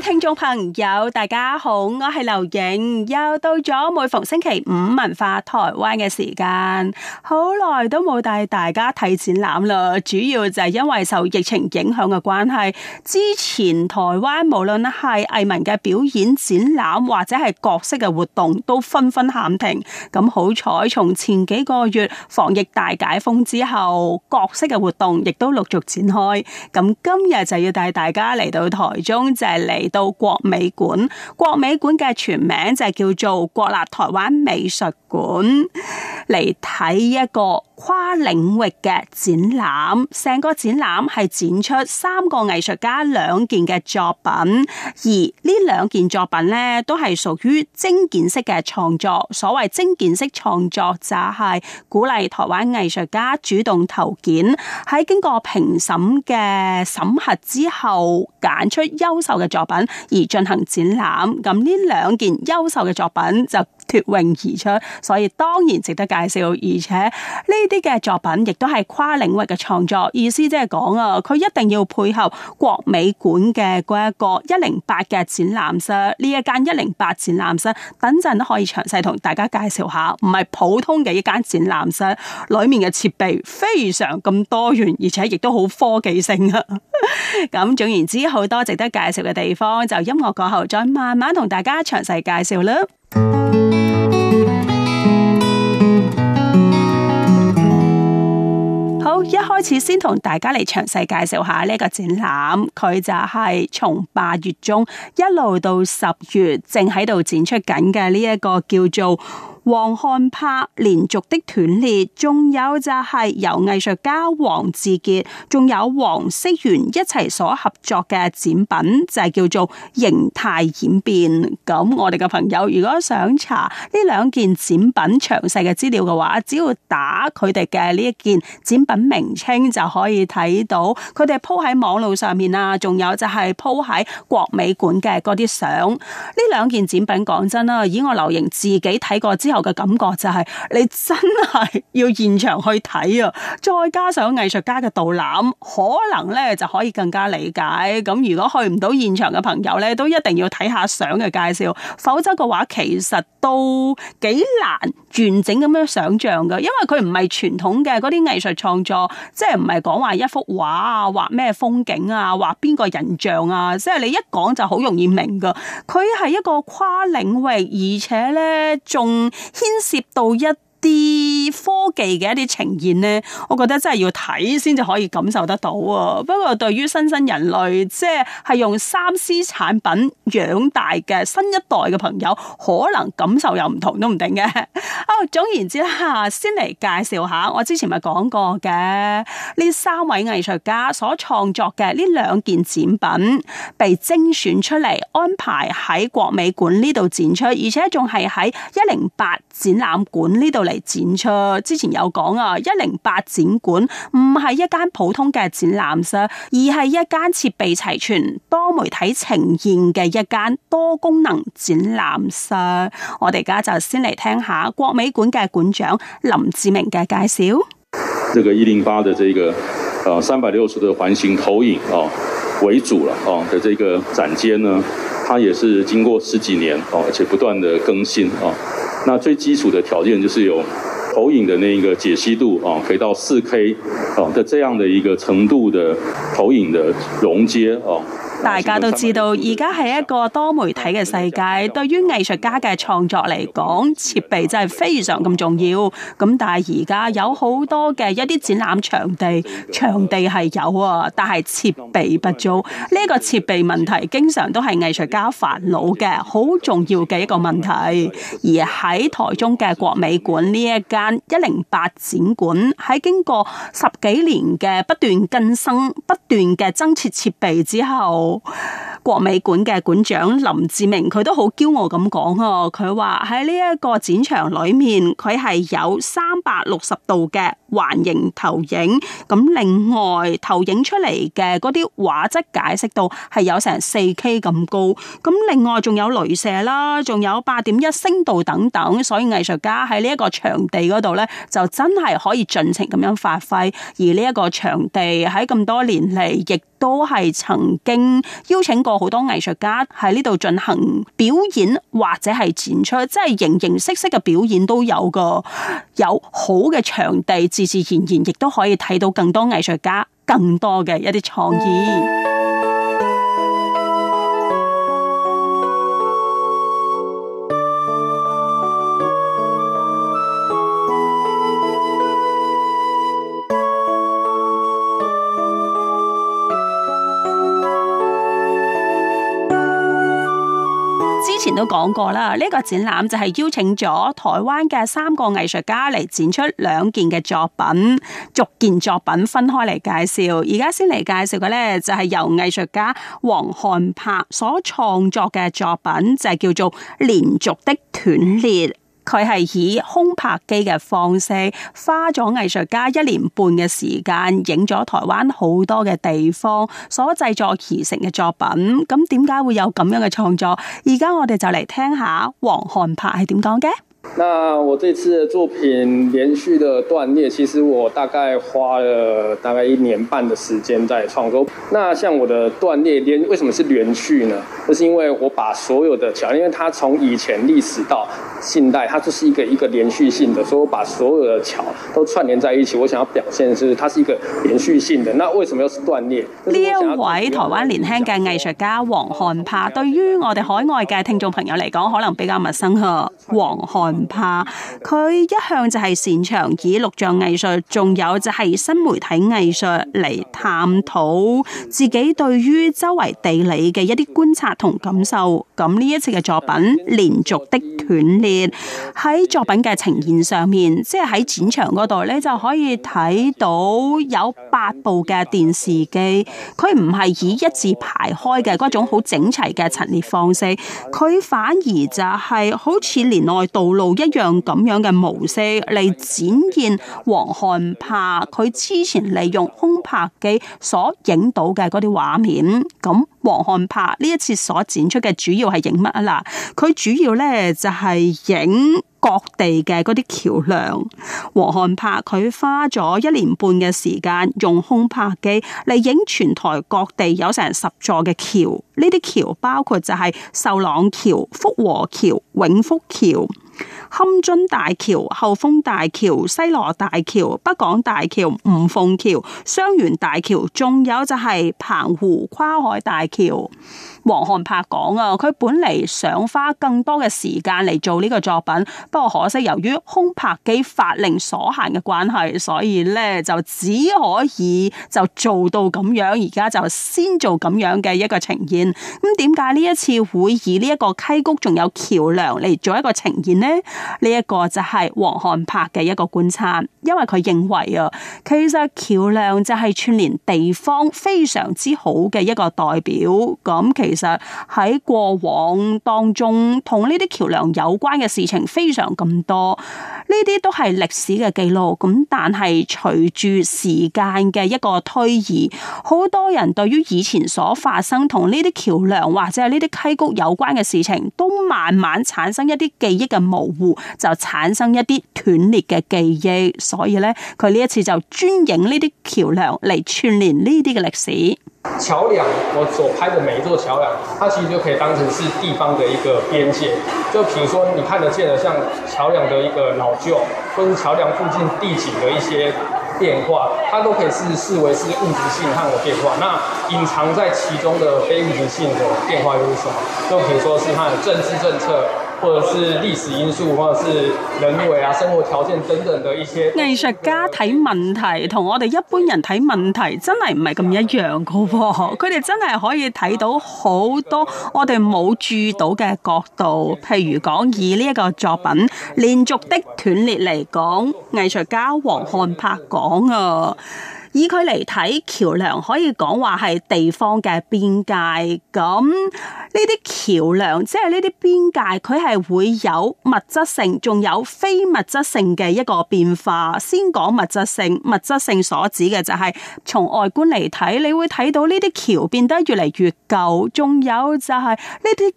聽眾朋友，大家好，我係劉影，又到咗每逢星期五文化台灣嘅時間，好耐都冇帶大家睇展覽啦。主要就係因為受疫情影響嘅關係，之前台灣無論係藝文嘅表演展覽或者係各式嘅活動都紛紛喊停。咁好彩，從前幾個月防疫大解封之後，各式嘅活動亦都陸續展開。咁今日就要帶大家嚟到台中，就係嚟。到國美館，國美館嘅全名就係叫做國立台灣美術館，嚟睇一個跨領域嘅展覽。成個展覽係展出三個藝術家兩件嘅作品，而呢兩件作品咧都係屬於徵件式嘅創作。所謂徵件式創作就係鼓勵台灣藝術家主動投件，喺經過評審嘅審核之後揀出優秀嘅作品，而進行展覽，咁呢兩件優秀嘅作品就脫穎而出，所以當然值得介紹。而且呢啲嘅作品亦都係跨領域嘅創作，意思即係講啊，佢一定要配合國美館嘅嗰一個一零八嘅展覽室。呢一間一零八展覽室，等陣都可以詳細同大家介紹下，唔係普通嘅一間展覽室，裏面嘅設備非常咁多元，而且亦都好科技性啊。咁 總言之，好多值得介紹嘅地方，就喺音樂過後再慢慢同大家詳細介紹啦。好，一開始先同大家嚟詳細介紹下呢個展覽，佢就係從八月中一路到十月，正喺度展出緊嘅呢一個叫做。黃漢柏連續的斷裂，仲有就係由藝術家黃志杰，仲有黃式元一齊所合作嘅展品，就係、是、叫做形態演變。咁我哋嘅朋友如果想查呢兩件展品詳細嘅資料嘅話，只要打佢哋嘅呢一件展品名稱就可以睇到，佢哋鋪喺網路上面啊，仲有就係鋪喺國美館嘅啲相。呢兩件展品講真啦，以我劉瑩自己睇過之後。我嘅感覺就係、是、你真係要現場去睇啊，再加上藝術家嘅導覽，可能咧就可以更加理解。咁如果去唔到現場嘅朋友咧，都一定要睇下相嘅介紹，否則嘅話其實都幾難完整咁樣想像㗎，因為佢唔係傳統嘅嗰啲藝術創作，即係唔係講話一幅畫啊，畫咩風景啊，畫邊個人像啊，即係你一講就好容易明噶。佢係一個跨領域，而且咧仲。牽涉到一啲。科技嘅一啲呈現咧，我覺得真係要睇先至可以感受得到啊，不過對於新生人類即係係用三 C 產品養大嘅新一代嘅朋友，可能感受又唔同都唔定嘅。哦， 總言之嚇，先嚟介紹下，我之前咪講過嘅呢三位藝術家所創作嘅呢兩件展品，被精選出嚟安排喺國美館呢度展出，而且仲係喺一零八展覽館呢度嚟展出。之前有講啊，一零八展館唔係一間普通嘅展覽室，而係一間設備齊全、多媒體呈現嘅一間多功能展覽室。我哋而家就先嚟聽下國美館嘅館長林志明嘅介紹。這個一零八的這個，三百六十度環形投影啊為主啦，啊，嘅、啊、這個展間呢，它也是經過十幾年，啊，而且不斷的更新啊。那最基礎的條件就是有。投影的那個解析度啊、哦，可以到四 k 啊、哦、的這樣的一個程度的投影的融接啊。哦。大家都知道，而家係一個多媒體嘅世界。對於藝術家嘅創作嚟講，設備真係非常咁重要。咁但係而家有好多嘅一啲展覽場地，場地係有啊，但係設備不足。呢個設備問題經常都係藝術家煩惱嘅，好重要嘅一個問題。而喺台中嘅國美館呢一間一零八展館，喺經過十幾年嘅不斷更新、不斷嘅增設設備之後。國美館嘅館長林志明，佢都好驕傲咁講啊，佢話喺呢一個展場裏面，佢係有三百六十度嘅。環形投影，咁另外投影出嚟嘅啲畫質解釋到係有成四 K 咁高，咁另外仲有鐳射啦，仲有八點一聲道等等，所以藝術家喺呢一個場地度咧，就真係可以盡情咁樣發揮。而呢一個場地喺咁多年嚟，亦都係曾經邀請過好多藝術家喺呢度進行表演或者係展出，即係形形色色嘅表演都有個有好嘅場地。自自然然，亦都可以睇到更多藝術家更多嘅一啲創意。都講過啦，呢、這個展覽就係邀請咗台灣嘅三個藝術家嚟展出兩件嘅作品，逐件作品分開嚟介紹。而家先嚟介紹嘅呢，就係由藝術家黃漢柏所創作嘅作品，就係、是、叫做《連續的斷裂》。佢係以空拍機嘅方式，花咗藝術家一年半嘅時間，影咗台灣好多嘅地方，所製作而成嘅作品。咁點解會有咁樣嘅創作？而家我哋就嚟聽下黃漢柏係點講嘅。那我這次的作品連續的斷裂，其實我大概花了大概一年半的時間在創作。那像我的斷裂連為什麼是連續呢？就是因為我把所有的橋，因為它從以前歷史到近代，它就是一個一個連續性的，所以我把所有的橋都串聯在一起。我想要表現的是它是一個連續性的。那為什麼又是斷裂？呢位台灣年輕嘅藝術家王漢柏，對於我哋海外嘅聽眾朋友嚟講，可能比較陌生呵。王漢。怕佢一向就係擅長以錄像藝術，仲有就係新媒體藝術嚟探討自己對於周圍地理嘅一啲觀察同感受。咁呢一次嘅作品《連續的斷裂》，喺作品嘅呈現上面，即係喺展場度咧就可以睇到有八部嘅電視機，佢唔係以一字排開嘅種好整齊嘅陳列方式，佢反而就係好似連外道路一樣咁樣嘅模式嚟展現黃漢柏佢之前利用空拍機所影到嘅嗰啲畫面。咁黃漢柏呢一次所展出嘅主要係影乜啊？啦，佢主要呢就係、是、影各地嘅嗰啲橋梁。黃漢柏佢花咗一年半嘅時間用空拍機嚟影全台各地有成十座嘅橋。呢啲橋包括就係秀朗橋、福和橋、永福橋、崁津大橋、后豐大橋、西螺大橋、北港大橋、五鳳橋、雙園大橋，仲有就係澎湖跨海大橋。黃漢柏講啊，佢本嚟想花更多嘅時間嚟做呢個作品，不過可惜由於空拍機法令所限嘅關係，所以咧就只可以就做到咁樣。而家就先做咁樣嘅一個呈現。咁點解呢一次會以呢一個溪谷仲有橋樑嚟做一個呈現呢？呢一個就係黃漢柏嘅一個觀察，因為佢認為啊，其實橋樑就係串聯地方非常之好嘅一個代表。咁其實其實喺過往當中，同呢啲橋樑有關嘅事情非常咁多，呢啲都係歷史嘅記錄。咁但係隨住時間嘅一個推移，好多人對於以前所發生同呢啲橋樑或者係呢啲溪谷有關嘅事情，都慢慢產生一啲記憶嘅模糊，就產生一啲斷裂嘅記憶。所以咧，佢呢一次就專影呢啲橋樑嚟串聯呢啲嘅歷史。橋梁，我所拍的每一座橋梁，它其實就可以當成是地方的一個邊界。就比如說，你看得見的，像橋梁的一個老舊，或是橋梁附近地景的一些變化，它都可以是視為是物質性上的變化。那隱藏在其中的非物質性的變化又是什麼？就比如說是它的政治政策。或者是歷史因素，或者是人為啊，生活條件等等的一些。藝術家睇問題同我哋一般人睇問題真係唔係咁一樣噶、哦，佢哋 真係可以睇到好多我哋冇注意到嘅角度。譬如講以呢一個作品連續的斷裂嚟講，藝術家黃漢柏講啊。以佢嚟睇橋梁，可以講話係地方嘅邊界。咁呢啲橋梁，即係呢啲邊界，佢係會有物質性，仲有非物質性嘅一個變化。先講物質性，物質性所指嘅就係從外觀嚟睇，你會睇到呢啲橋變得越嚟越舊，仲有就係呢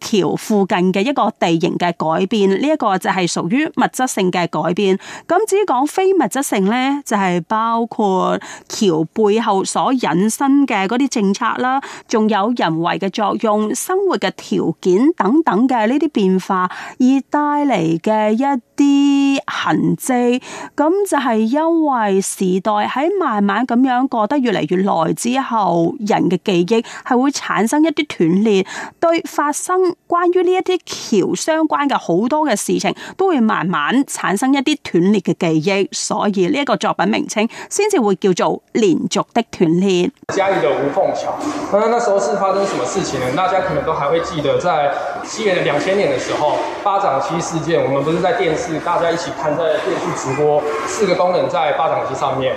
啲橋附近嘅一個地形嘅改變，呢一個就係屬於物質性嘅改變，咁至於講非物質性咧，就係包括橋。背後所引申嘅嗰啲政策啦，仲有人為嘅作用、生活嘅條件等等嘅呢啲變化，而帶嚟嘅一啲痕跡，咁就係因為時代喺慢慢咁樣過得越嚟越耐之後，人嘅記憶係會產生一啲斷裂，對發生。關於呢一啲橋相關嘅好多嘅事情，都會慢慢產生一啲斷裂嘅記憶，所以呢一個作品名稱先至會叫做《連續的斷裂》。嘉義的吳鳳橋，咁樣，嗱，時候是發生什麼事情呢？大家可能都還會記得，在西元兩千年嘅時候，八掌溪事件，我們不是在電視大家一起看，在電視直播，四個工人在八掌溪上面。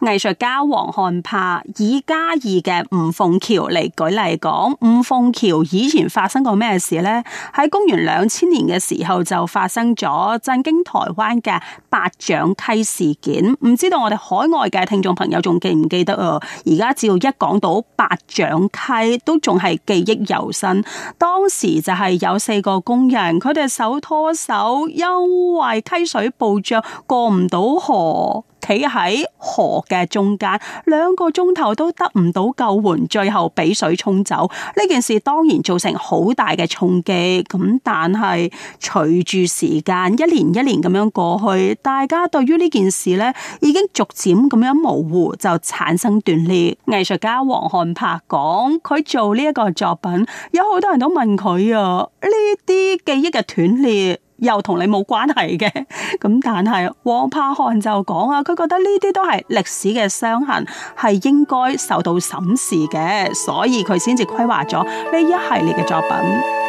藝術家黃漢柏以嘉義嘅吳鳳橋嚟舉例講，吳鳳橋以前發生過咩事呢？喺公元兩千年嘅時候就發生咗震驚台灣嘅八掌溪事件。唔知道我哋海外嘅聽眾朋友仲記唔記得啊？而家只要一講到八掌溪，都仲係記憶猶新。當時就係有四個工人，佢哋手拖手，因為溪水暴漲，過唔到河。企喺河嘅中間，兩個鐘頭都得唔到救援，最後俾水沖走。呢件事當然造成好大嘅衝擊。咁但係隨住時間，一年一年咁樣過去，大家對於呢件事呢已經逐漸咁樣模糊，就產生斷裂。藝術家黃漢柏講，佢做呢一個作品，有好多人都問佢啊，呢啲記憶嘅斷裂。又同你冇關係嘅，咁但係王柏翰就講啊，佢覺得呢啲都係歷史嘅傷痕，係應該受到審視嘅，所以佢先至規劃咗呢一系列嘅作品。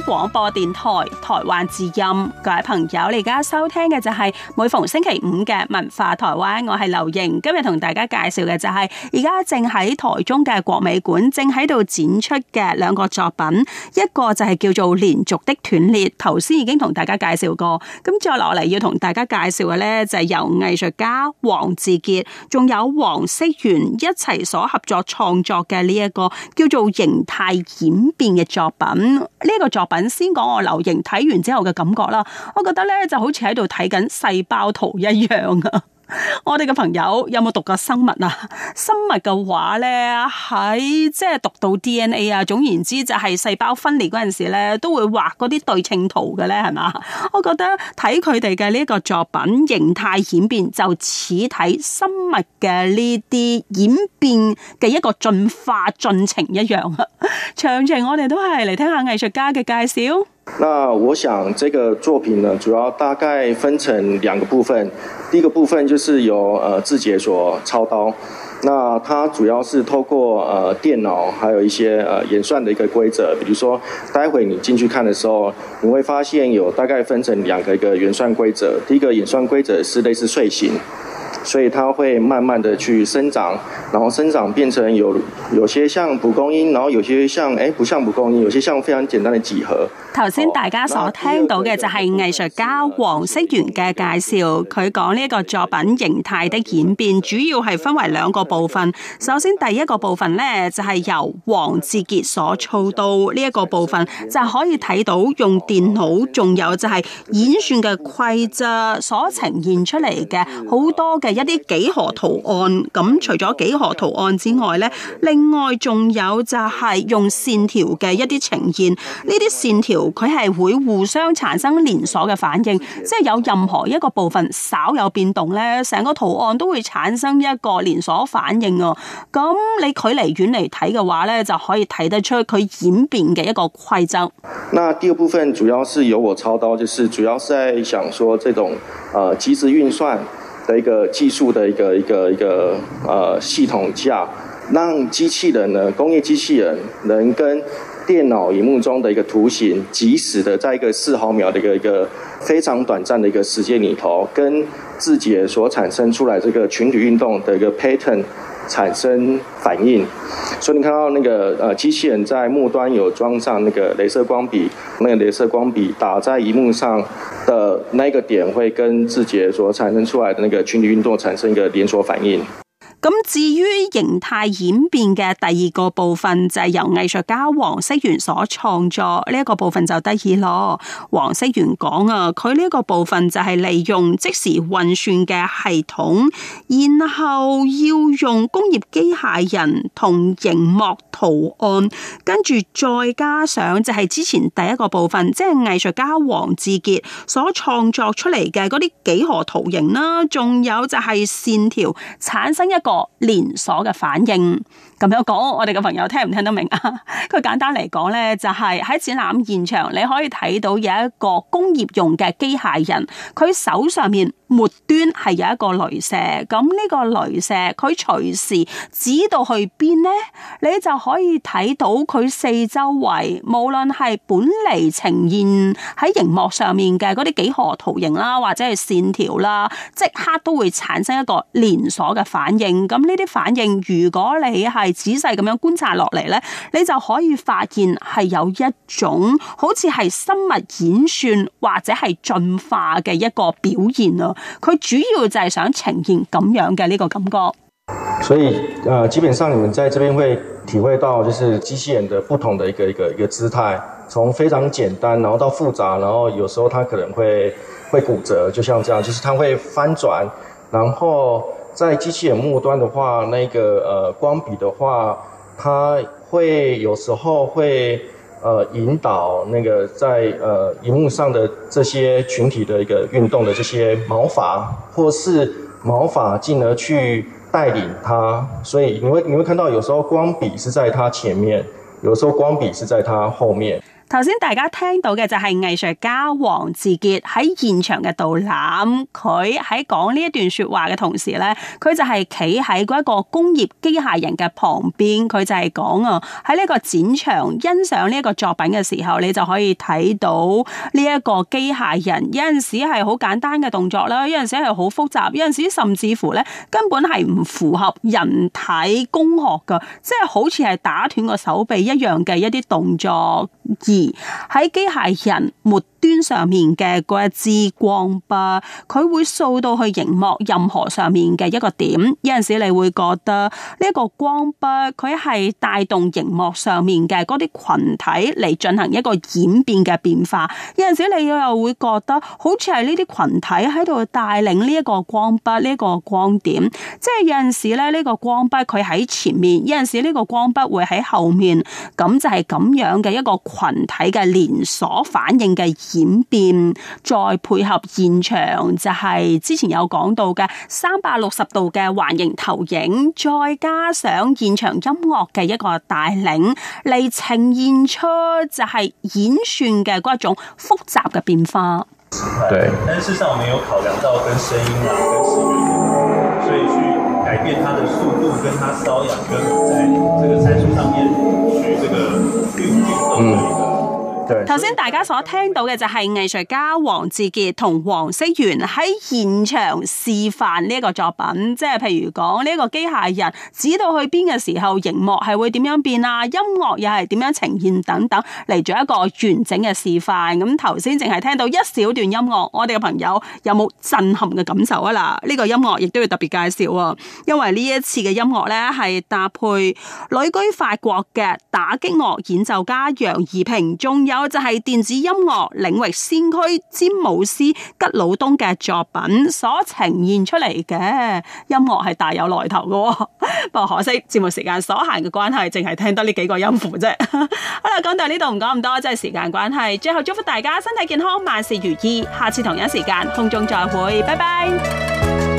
廣播電台台灣之音，各位朋友，你而家收聽嘅就係每逢星期五嘅文化台灣，我係劉瑩。今日同大家介紹嘅就係而家正喺台中嘅國美館正喺度展出嘅兩個作品，一個就係叫做《連續的斷裂》，頭先已經同大家介紹過。咁再落嚟要同大家介紹嘅咧，就係由藝術家王志杰仲有王思源一齊所合作創作嘅呢一個叫做《形態演變》嘅作品，呢、呢個作。品，先講我留型睇完之後嘅感覺啦，我覺得咧就好似喺度睇緊細胞圖一樣啊！我哋嘅朋友有冇讀過生物啊？生物嘅話呢，喺即係讀到 DNA 啊，總言之就係細胞分裂嗰陣時呢，都會畫嗰啲對稱圖嘅咧，係嘛？我覺得睇佢哋嘅呢一個作品形態演變，就似睇生物嘅呢啲演變嘅一個進化進程一樣。 長情，我哋都係嚟聽下藝術家嘅介紹。那我想這個作品呢，主要大概分成兩個部分。第一個部分就是由呃智杰所操刀，那它主要是透過呃電腦，還有一些呃演算的一個規則。比如說待會你進去看的時候，你會發現有大概分成兩個一個演算規則。第一個演算規則是類似碎形。所以它會慢慢地去生長，然後生長變成有有些像蒲公英，然後有些像，誒，不像蒲公英，有些像非常簡單的幾何。頭先大家所聽到嘅就係藝術家黃色源嘅介紹，佢講呢一個作品形態的演變，主要係分為兩個部分。首先第一個部分呢，就係、是、由黃志傑所操刀呢一個部分，就是、可以睇到用電腦仲有就係演算嘅規則所呈現出嚟嘅好多嘅。一啲幾何圖案咁、嗯，除咗幾何圖案之外呢？另外仲有就係用線條嘅一啲呈現。呢啲線條佢係會互相產生連鎖嘅反應，即係有任何一個部分稍有變動呢，成個圖案都會產生一個連鎖反應、哦。咁、嗯、你距離遠嚟睇嘅話呢，就可以睇得出佢演變嘅一個規則。那第二部分主要是由我操刀，就是主要是想說，這種啊即時運算。的一個技術的一個一個一個呃系統下，讓機器人呢工業機器人能跟電腦熒幕中的一個圖形，及時的，在一個四毫秒的一個一個非常短暫的一個時間裏頭，跟自己所產生出來這個群體運動的一個 pattern。產生反應，所以你看到那個，呃，機器人在末端有裝上那個鐳射光筆，那個鐳射光筆打在熒幕上的那個點，會跟自己所產生出來的那個群體運動產生一個連鎖反應。咁至於形態演變嘅第二個部分，就係、是、由藝術家黃色源所創作呢一、這個部分就得意咯。黃色源講啊，佢呢一個部分就係利用即時運算嘅系統，然後要用工業機械人同螢幕。圖案跟住再加上就係之前第一個部分，即係藝術家王志傑所創作出嚟嘅嗰啲幾何圖形啦，仲有就係線條產生一個連鎖嘅反應。咁樣講，我哋嘅朋友聽唔聽得明啊？佢 簡單嚟講呢，就係喺展覽現場你可以睇到有一個工業用嘅機械人，佢手上面。末端係有一個雷射，咁呢個雷射佢隨時指到去邊咧，你就可以睇到佢四周圍，無論係本嚟呈現喺熒幕上面嘅嗰啲幾何圖形啦，或者係線條啦，即刻都會產生一個連鎖嘅反應，咁呢啲反應如果你係仔細咁樣觀察落嚟咧，你就可以發現係有一種好似係生物演算或者係進化嘅一個表現咯。佢主要就係想呈現咁樣嘅呢、這個感覺，所以，誒、呃，基本上你們在這邊會體會到，就是機器人的不同的一個一個一個姿態，從非常簡單，然後到複雜，然後有時候它可能會會骨折，就像這樣，就是它會翻轉，然後在機器人末端的話，那個，誒、呃，光筆的話，它會有時候會。呃，引導那個在呃熒幕上的這些群體的一個運動的這些毛髮，或是毛髮，進而去帶領它。所以你會你會看到，有時候光筆是在它前面，有時候光筆是在它後面。頭先大家聽到嘅就係藝術家黃智傑喺現場嘅導覽，佢喺講呢一段説話嘅同時呢，佢就係企喺嗰一個工業機械人嘅旁邊，佢就係講啊，喺呢個展場欣賞呢一個作品嘅時候，你就可以睇到呢一個機械人有陣時係好簡單嘅動作啦，有陣時係好複雜，有陣時甚至乎呢，根本係唔符合人體工學嘅，即係好似係打斷個手臂一樣嘅一啲動作。喺機械人沒。端上面嘅嗰一支光筆，佢會掃到去熒幕任何上面嘅一個點。有陣時你會覺得呢一個光筆佢係帶動熒幕上面嘅嗰啲群體嚟進行一個演變嘅變化。有陣時你又會覺得好似係呢啲群體喺度帶領呢一個光筆呢個光點，即係有陣時咧呢個光筆佢喺前面，有陣時呢個光筆會喺後面，咁就係咁樣嘅一個群體嘅連鎖反應嘅。演變，再配合現場，就係之前有講到嘅三百六十度嘅環形投影，再加上現場音樂嘅一個帶領，嚟呈現出就係演算嘅嗰一種複雜嘅變化。對，但事實上我哋有考量到跟聲音啦，跟時間，所以去改變它的速度，跟它騷癢，跟在這個參數上面去，這個運運動頭先大家所聽到嘅就係藝術家黃志杰同黃色源喺現場示範呢一個作品，即係譬如講呢個機械人指到去邊嘅時候，熒幕係會點樣變啊？音樂又係點樣呈現等等嚟做一個完整嘅示範。咁頭先淨係聽到一小段音樂，我哋嘅朋友有冇震撼嘅感受啊？嗱，呢個音樂亦都要特別介紹啊，因為呢一次嘅音樂咧係搭配旅居法國嘅打擊樂演奏家楊怡平中音。就係電子音樂領域先驅詹姆斯吉老東嘅作品，所呈現出嚟嘅音樂係大有來頭嘅，哦， 不過可惜節目時間所限嘅關係，淨係聽得呢幾個音符啫。 好啦，講到呢度唔講咁多，即係時間關係。最後祝福大家身體健康，萬事如意。下次同一時間空中再會，拜拜。